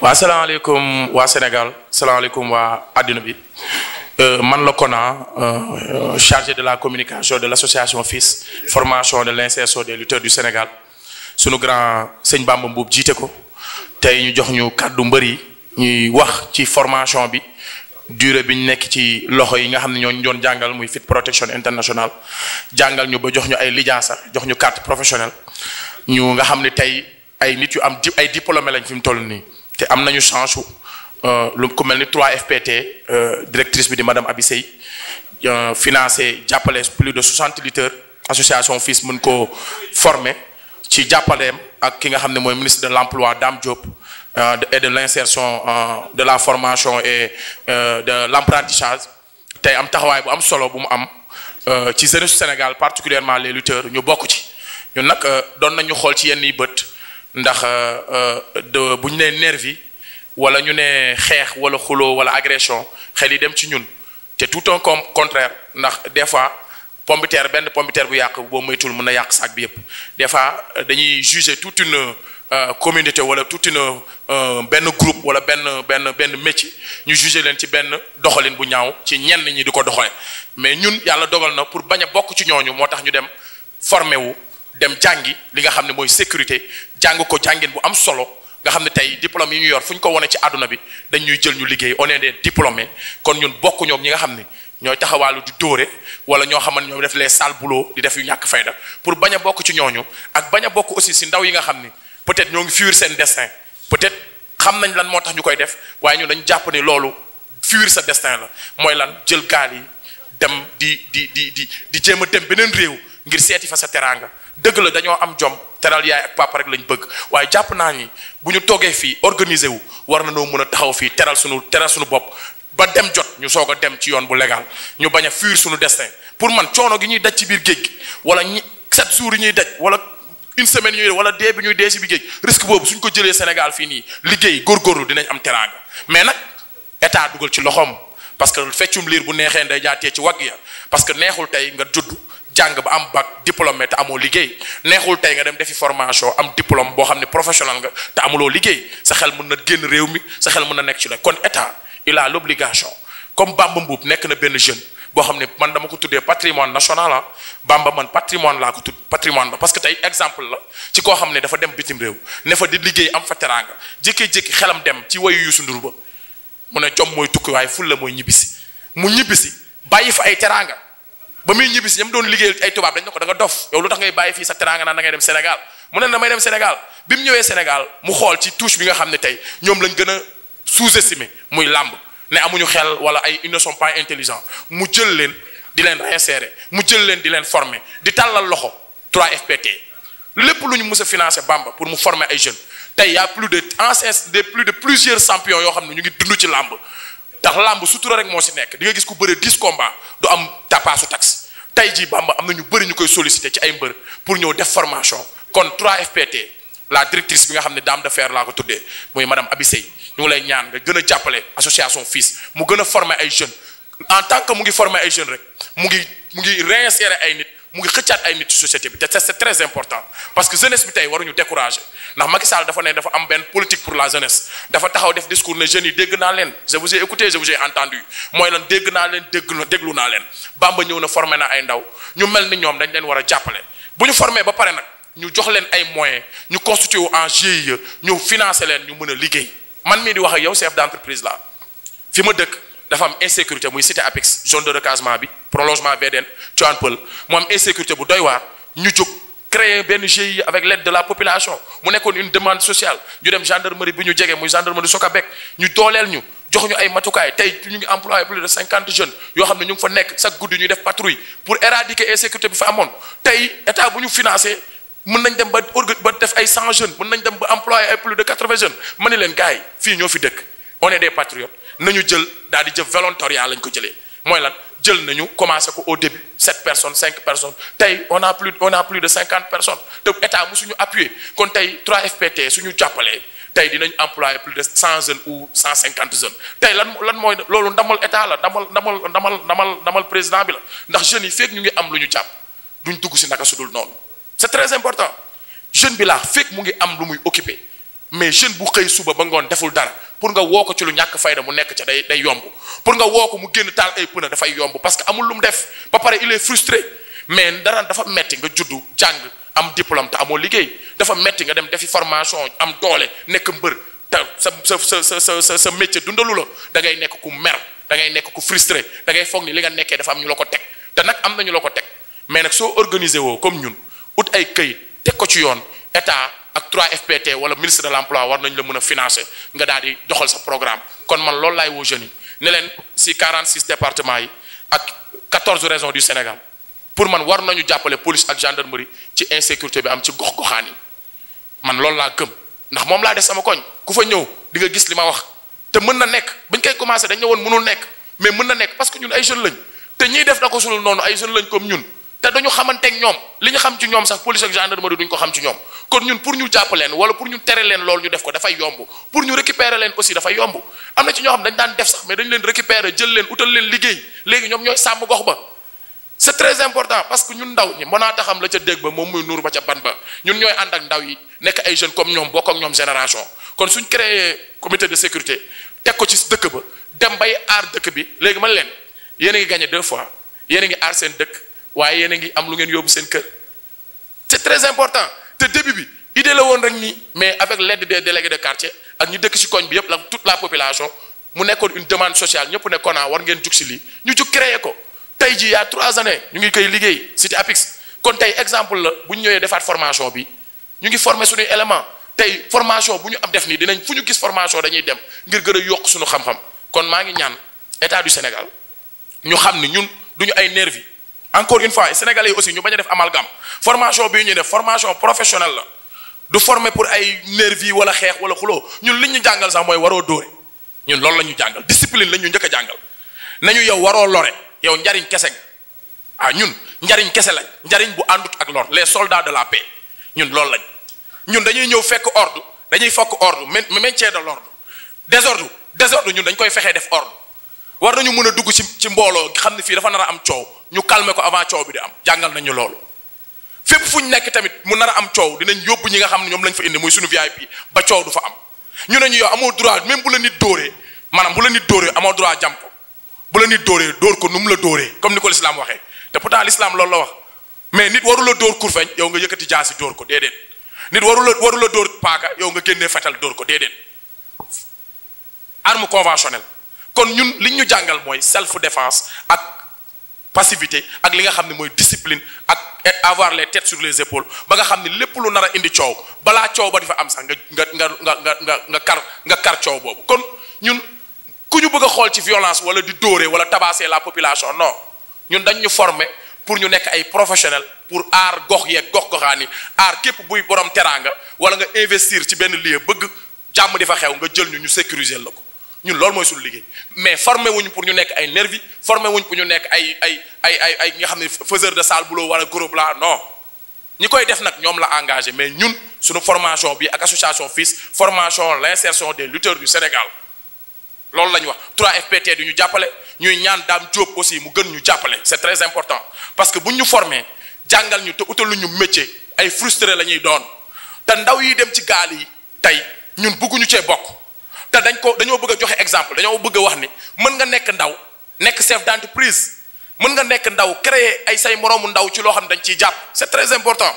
waa salaamaaleykum waa Sénégal salaamaaleykum waa àddina bi euh, man la Kona euh, chargé de la communication de l' association FILS formation de l' insertion des du Sénégal sunu grand sëñ Bamba Mbuub jiite ko tey ñu jox ñu kàddu mbër yi ñuy wax ci formation bi dure bi ñu nekk ci loxo yi nga xam ne ñoo ñu doon jàngal muy fit protection international jàngal ñu ba jox ñu ay lijaasa jox ñu carte professionnelle ñu nga xam ne tey ay nit yu am di ay diplômé lañ fi mu toll nii. te am nañu chance su euh, lu ku mel ni 3FPT euh, directrice bi di madame Abi Sey euh, financé jàppale plus de 60 lutteurs association FILS mën koo former ci jàppaleem ak ki nga xam ne mooy ministre de l'emploi Dame Diop et de l'insertion de la formation et de l'apprentissage tey am taxawaay bu am solo bu mu am ci jeunesse Sénégal particulièrement le lutteurs ñu bokk ci ñun nag doon nañu xool ci yenn yi bët ndax euh, euh, de bu ñu nee nervie wala ñu ne xeex wala xuloo wala agression xel yi dem ci ñun te tout un com contraire ndax des fois pombiteer benn pombiteer bu yàq boo moytul mën a yàq saak bi yépp des fois euh, dañuy juger toute une communauté wala toute une benn groupe wala benn benn benn métier ñu juger leen ci benn doxalin bu ñaaw ci ñenn ñi di ko doxalee mais ñun yàlla dogal na pour bañ a bokk ci ñooñu moo tax ñu dem formé wu dem jàngi li nga xam ne mooy sécurité jàng ko jàngin bu am solo nga xam ne tey diplôme yi ñu yor fu ñu ko wone ci àdduna bi dañ ñuy jël ñu liggéey on est des diplômés kon ñun bokk ñoom ñi nga xam ni ñoo taxawaalu di dóore wala ñoo xam xamante ñoom def lee sale boulot di def yu ñàkk fayda pour bañ a bokk ci ñooñu ak bañ a bokk aussi si ndaw yi nga xam ni peut-être ñoo ngi fuir seen destin peut-être xam nañ lan moo tax ñu koy def waaye ñun dañ jàpp ni loolu fuir sa destin la mooy lan jël gaal dem di di di di di jéem a dem beneen réew ngir seeti fa sa teraanga dëgg la dañoo am jom teral yaay ak papa rek lañ bëgg waaye jàpp naa ni bu ñu toogee fii organiser wu war na noo mën a taxaw fii teral suñu teral suñu bopp ba dem jot ñu soog a dem ci yoon bu légal ñu bañ a fuir suñu destin pour man coono gi ñuy daj ci biir géej gi wala ñi sept jours yi ñuy daj wala une semaine ñuy wala dee bi ñuy dee si biir géej risque boobu suñ ko jëlee Sénégal fii nii liggéey góorgóorlu dinañ am teraanga mais nag état dugal ci loxoom parce que feccum liir bu neexee nday jaatee ci wagg ya parce que neexul tey nga judd jàng ba am bac diplôme te amoo liggéey neexul tey nga dem defi formation am diplôme boo xam ne professionnel nga te amuloo liggéey sa xel mën na génn réew mi sa xel mën na nekk ci la kon état il a l'obligation comme Bamba Mbuub nekk na benn jeune boo xam ne man dama ko tuddee patrimoine national ah Bamba man patrimoine laa ko tudd patrimoine la parce que tey exemple la ci koo xam ne dafa dem bitim réew ne fa di liggéey am fa teraanga jékki-jékki xelam dem ci wayu Youssou Ndour ba mu mooy tukki waaye la mooy ñibbisi mu ñibbisi bàyyi fa ay ba muy ñibbi si ñam doon liggéey ay tubaab dañ ne ko da nga dof yow lu tax ngay bàyyi fii sa teraanga naan da ngay dem Sénégal mu ne damay dem Sénégal bi mu ñëwee Sénégal mu xool ci touche bi nga xam ne tey ñoom lañ gën a sous-estimé muy làmb ne amuñu xel wala ay ils ne pas intelligents mu jël leen di leen réinsérer mu jël leen di leen former di tàllal loxo 3FPT lépp lu ñu mus a financer Bamba pour mu former ay jeune tey y' a plus de anciens de plus yoo xam ne ñu ngi dund ci làmb ndax làmb sutura rek moo si nekk di nga gis ku bëre 10 combats du am tapaasu taxe tey jii Bamba am na ñu bëri ñu koy sollicité ci ay mbër pour ñëw def formation kon 3FPT la directrice bi nga xam ne daam de fer laa ko tuddee muy madame Abi Sey ñu ngi lay ñaan nga gën a jàppale association FILS mu gëna a ay jeunes en tant que mu ngi former ay jeunes rek mu ngi mu ngi réinsérer ay nit mu ngi xëccaat ay nit ci société bi te c'est très important parce que jeunesse bi tey waruñu décourager ndax Macky Sall dafa ne dafa am benn politique pour la jeunesse dafa taxaw def discours ne jeunes yi dégg naa leen je vous ai écouté je entendu mooy lan dégg naa leen dégg déglu naa leen Bamba ñëw na formé na ay ndaw ñu mel ni ñoom dañ leen war a jàppale bu ñu formee ba pare nag ñu jox leen ay moyen ñu constitué wu en GIE ñu financé leen ñu mën a liggéey man mii di wax ak yow chef d'entreprise la fi ma dëkk. dafa am insécurité muy cité APEX zone de recasement bi prolongement VDN Tivaouane Peulh mu am insécurité bu doy waa ñu jóg créer benn GIE avec l'aide de la population mu nekkoon une demande sociale ñu dem gendarmerie bi ñu jege muy gendarmerie Sokabek ñu dooleel ñu jox ñu ay matukaay tey ñu ngi employé cinquante jeunes yoo xam ne ñu ngi fa nekk chaque guddi ñuy def patrouille pour éradiquer insécurité bi fa amoon tey état bu ñu financé mën nañ dem ba orga ba def ay cent jeunes mën nañ dem ba employé ay plus de quatre leen gars yi ñoo fi dëkk on est des nañu jël daal di jël volontariat lañ ko jëlee mooy lan jël nañu commencé ko au début sept personnes cinq personnes tey on a plus a plus de cinquante personnes te état mu suñu appuyer kon tey suñu jàppalee tey dinañ employé plus de cent jeunes cent cinquante jeunes tey lan lan mooy loolu ndamal état la ndamal ndamal ndamal ndamal ndamal président bi la ndax jeunes yi fekk ñu ngi am lu ñu jàpp duñ dugg si naka sudul noonu c'est très important jeune bi laa fekk mu ngi am lu muy occupé mais jeune bu xëy suba ba ngoon deful dara pour nga woo ko ci lu ñàkk fayda mu nekk ca day day yomb pour nga woo ko mu génn taal ay pneu dafay yomb parce que amul mu def ba pare il est mais dara dafa metti nga juddu jàng am diplôme te amoo liggéey dafa metti nga dem defi formation am doole nekk mbër te sa sa sa sa sa sa métier dundalu la da ngay nekk ku mer da ngay nekk ku frustré da ngay foog ni li nga nekkee dafa am ñu la ko teg te am nañu la ko teg mais nag soo organiser woo comme ñun ut ay këyit teg ko ci yoon ak 3FPT wala ministre de l' emploi war nañ la mën a financer nga daal di doxal sa programme kon man loolu laay woo jeunes yi ne leen si 46 départements yi ak 14 régions du Sénégal pour man war nañu jàppale police ak gendarmerie ci insécurité bi am ci gox-goxaan yi man loolu laa gëm ndax moom laa des sama koñ ku fa ñëw di nga gis li ma wax te mën na nekk buñ koy commencé dañ ne woon mënul nekk mais mën na nekk parce que ñun ay jeunes lañ te ñiy def na ko sulul lañ comme ñun. te dañu xamanteeg ñoom li ñu xam ci ñoom sax police ak gendarmerie duñ ko xam ci ñoom kon ñun pour ñu jàpp leen wala pour ñu tere leen loolu ñu def ko dafay yomb pour ñu récupérer leen aussi dafay yomb am na ci ñoo xam dañ daan def sax mais dañ leen récupérer jël leen utal leen liggéey léegi ñoom ñooy sàmm gox ba c'est très important parce que ñun ndaw ñi mën naa taxam la ca dégg ba moom muy nuur ba ca ban ba ñun ñooy ànd ak ndaw yi nekk ay jeunes comme ñoom bokk ak ñoom génération kon suñ créé comité de sécurité teg ko ci dëkk ba dem bay aar dëkk bi léegi man leen yéen a ngi gagné fois yéen a ngi aar seen dëkk waaye yéen a ngi am lu ngeen yóbbu seen kër c'est très important te début bi idée la woon rek nii mais avec l'aide des délégués de quartier ak ñu dëkk ci koñ bi yëpp la toute la population mu nekkoon une demande sociale ñëpp ne Kona war ngeen jug ci lii ñu jug créer ko tey jii y'a trois années ñu ngi koy liggéey cité APIX kon tey exemple la bu ñu ñëwee defaat formation bi ñu ngi former suñuy élément tey formation bu ñu am def nii dinañ fu ñu gis formation dañuy dem ngir gën a yokk suñu xam kon maa ngi ñaan état du Sénégal ñu xam ni ñun duñu ay nervi encore une fois sénégalais yi aussi ñu bañ a def amalgame formation bi ñu ne formation professionnelle la du former pour ay nervi wala xeex wala xuloo ñun li ñu jàngal sax mooy waroo dóore ñun loolu la ñu jàngal discipline la ñu njëkk a jàngal nañu yow waroo lore yow njariñ kese ah ñun njariñ kese lañ njariñ bu àndut ak lor les soldaa de la paix ñun loolu lañ ñun dañuy ñëw fekk ordre dañuy fokk ordre maintien de l'ordre désordre désordre ñun dañ koy fexee def ordre war nañu mën a dugg ci ci mbooloo xam ne fii dafa nar am coow ñu calmer ko avant coow bi di am jàngal nañu loolu fépp fu ñu nekk tamit mu nar am coow dinañ yóbbu ñi nga xam ne ñoom lañ fa indi muy suñu VIP ba coow du fa am ñu ne ñu yow amoo droit même bu la nit dóoree maanaam bu la nit dóoree amoo droit jam ko bu la nit dóoree dóor ko nu mu la dóoree comme ni ko lislaam waxee te pourtant lislaam loolu la wax mais nit warul la dóor kurfeñ yow nga yëkkati jaasi dóor ko déedéet nit warul la warul la dóor paaka yow nga génnee fetal dóor ko déedéet arme kon ñun liñ ñu jàngal mooy self défense ak. passivité ak li nga xam ne mooy discipline ak avoir les têtes sur les épaules ba nga xam ni lépp lu nar a indi coow balaa coow ba di fa am sax nga nga nga nga nga nga kar nga kar coow boobu kon ñun ku ñu bëgg a xool ci violence wala di dóore wala tabasser la population non ñun dañu ñu former pour ñu nekk ay professionnels pour aar gox yee gox goxaan yi aar képp buy borom teraanga wala nga investir ci benn lieu bëgg jàmm di fa xew nga jël ñu ñu sécuriser la ko. ñun loolu mooy suñu liggéey mais formé wuñ pour ñu nekk ay nervi formé wuñ pour ñu nekk ay ay ay ay ay nga xam ne faiseur de salle boulot wala groupe la non ñi koy def nag ñoom la engagé mais ñun suñu formation bi ak association FILS formation l'insertion des lutteurs du Sénégal loolu la ñu wax trois fpt du ñu jàppale ñuy ñaan Dame Diop aussi mu gën ñu jàppale c'est très important parce que bu ñu formé jàngal ñu te utalu ñu métier ay frustré la ñuy doon te ndaw yi dem ci gaal yi tey ñun bëgguñu cee bokk te dañ ko dañoo bëgg a joxe exemple dañoo bëgg wax ni mën nga nekk ndaw nekk chef d'entreprise mën nga nekk ndaw créer ay say moroomu ndaw ci loo xam ne dañ ciy jàpp c'est très important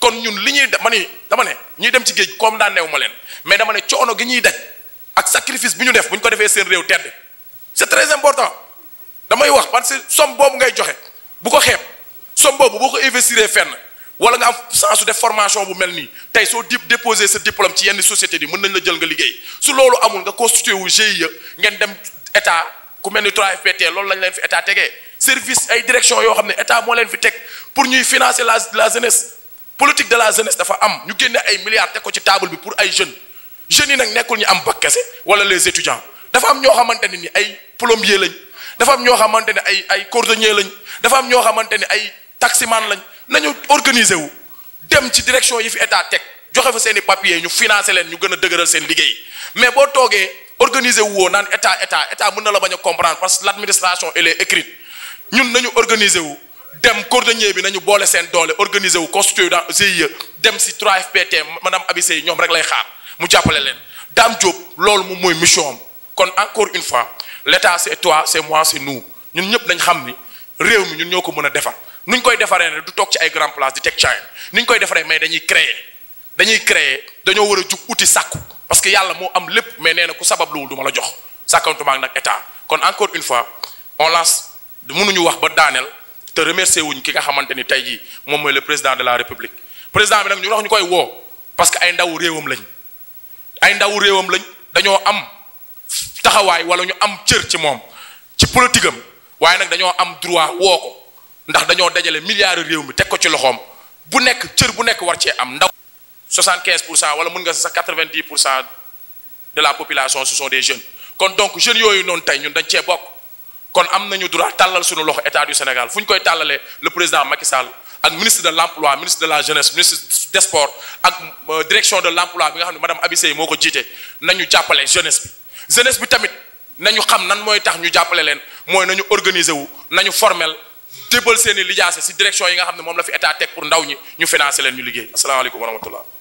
kon ñun li ñuy ma ni dama ne ñuy dem ci géej comme daan neew ma leen mais dama ne coono gi ñuy daj ak sacrifice bi ñu def bu ñu ko defee seen réew tedd c'est très important damay wax parce que somme boobu ngay joxe bu ko xeeb somme boobu boo ko investir fenn wala nga am chance su def formation bu mel nii tey soo di déposé sa diplôme ci yenn société yi mën nañ la jël nga liggéey su loolu amul nga constitué wu GIE ngeen dem état ku mel ni 3FPT loolu lañ leen fi état tegee service ay direction yoo xam ne état moo leen fi teg pour ñuy financé la la jeunesse politique de la jeunesse dafa am ñu génne ay milliards teg ko ci table bi pour ay jeunes jeunes yi nag nekkul ñu am bac kese wala les dafa am ñoo xamante ne ni ay plombier lañ dafa am ñoo xamante ne ay ay cordonnier lañ dafa am ñoo xamante ne ay taximan lañ. nañu organiser wu dem ci direction yi fi état teg joxe fa seen i ñu financer leen ñu gën a dëgëral seen liggéey mais boo toogee organiser wu woo naan état état état mën na la bañ a comprendre parce que l' administration elle est écrite ñun nañu organiser wu dem cordonnier bi nañu boole seen doole organiser wu constitué dans GIE dem si 3FPT madame Abissé ñoom rek lay xaar mu jàppale leen Dame Diop loolu moom mooy mission kon encore une fois l' état c' est toi c' ñun ñëpp nañ xam ni réew mi ñun ñoo ko mën a defar. nuñ koy defaree ne du toog ci ay grand place di teg caay nuñ koy defaree mais dañuy créer dañuy créer dañoo war a jug uti sàkku parce que yàlla moo am lépp mais nee na ku sabab luwul du ma la jox sàkkantumaak nag état kon encore une fois on lance mënuñu wax ba daaneel te remercier wuñ ki nga xamante ni tey jii moom mooy la président de la république président bi nag ñu wax ñu koy woo parce que ay ndawu réewam lañ ay ndawu réewam lañ dañoo am taxawaay wala ñu am cër ci moom ci politique am waaye nag dañoo am droit woo ko ndax dañoo dajale milliards réew mi teg ko ci loxoom bu nekk cër bu nekk war cee am ndaw 75 pour cent wala mun nga sax 90 pour cent de la population ce sont des jeunes kon donc jeune yooyu noonu tey ñun dañ cee bokk kon am nañu droit tàllal suñu loxo état du Sénégal fu ñu koy tàllalee le président Macky ak ministre de l' emploi ministre de la jeunesse ministre des sports ak euh, direction de l' emploi bi nga xam ne madame Abisey moo ko jiite nañu jàppale jeunesse bi jeunesse bi tamit xam nan mooy tax ñu jàppale leen mooy nañu organiser wu nañu formel jébbal seen i lijaasa si direction yi nga xam ne moom la fi état teg pour ndaw ñi ñu financer leen ñu liggéey asalaamaaleykum wa rahmatullah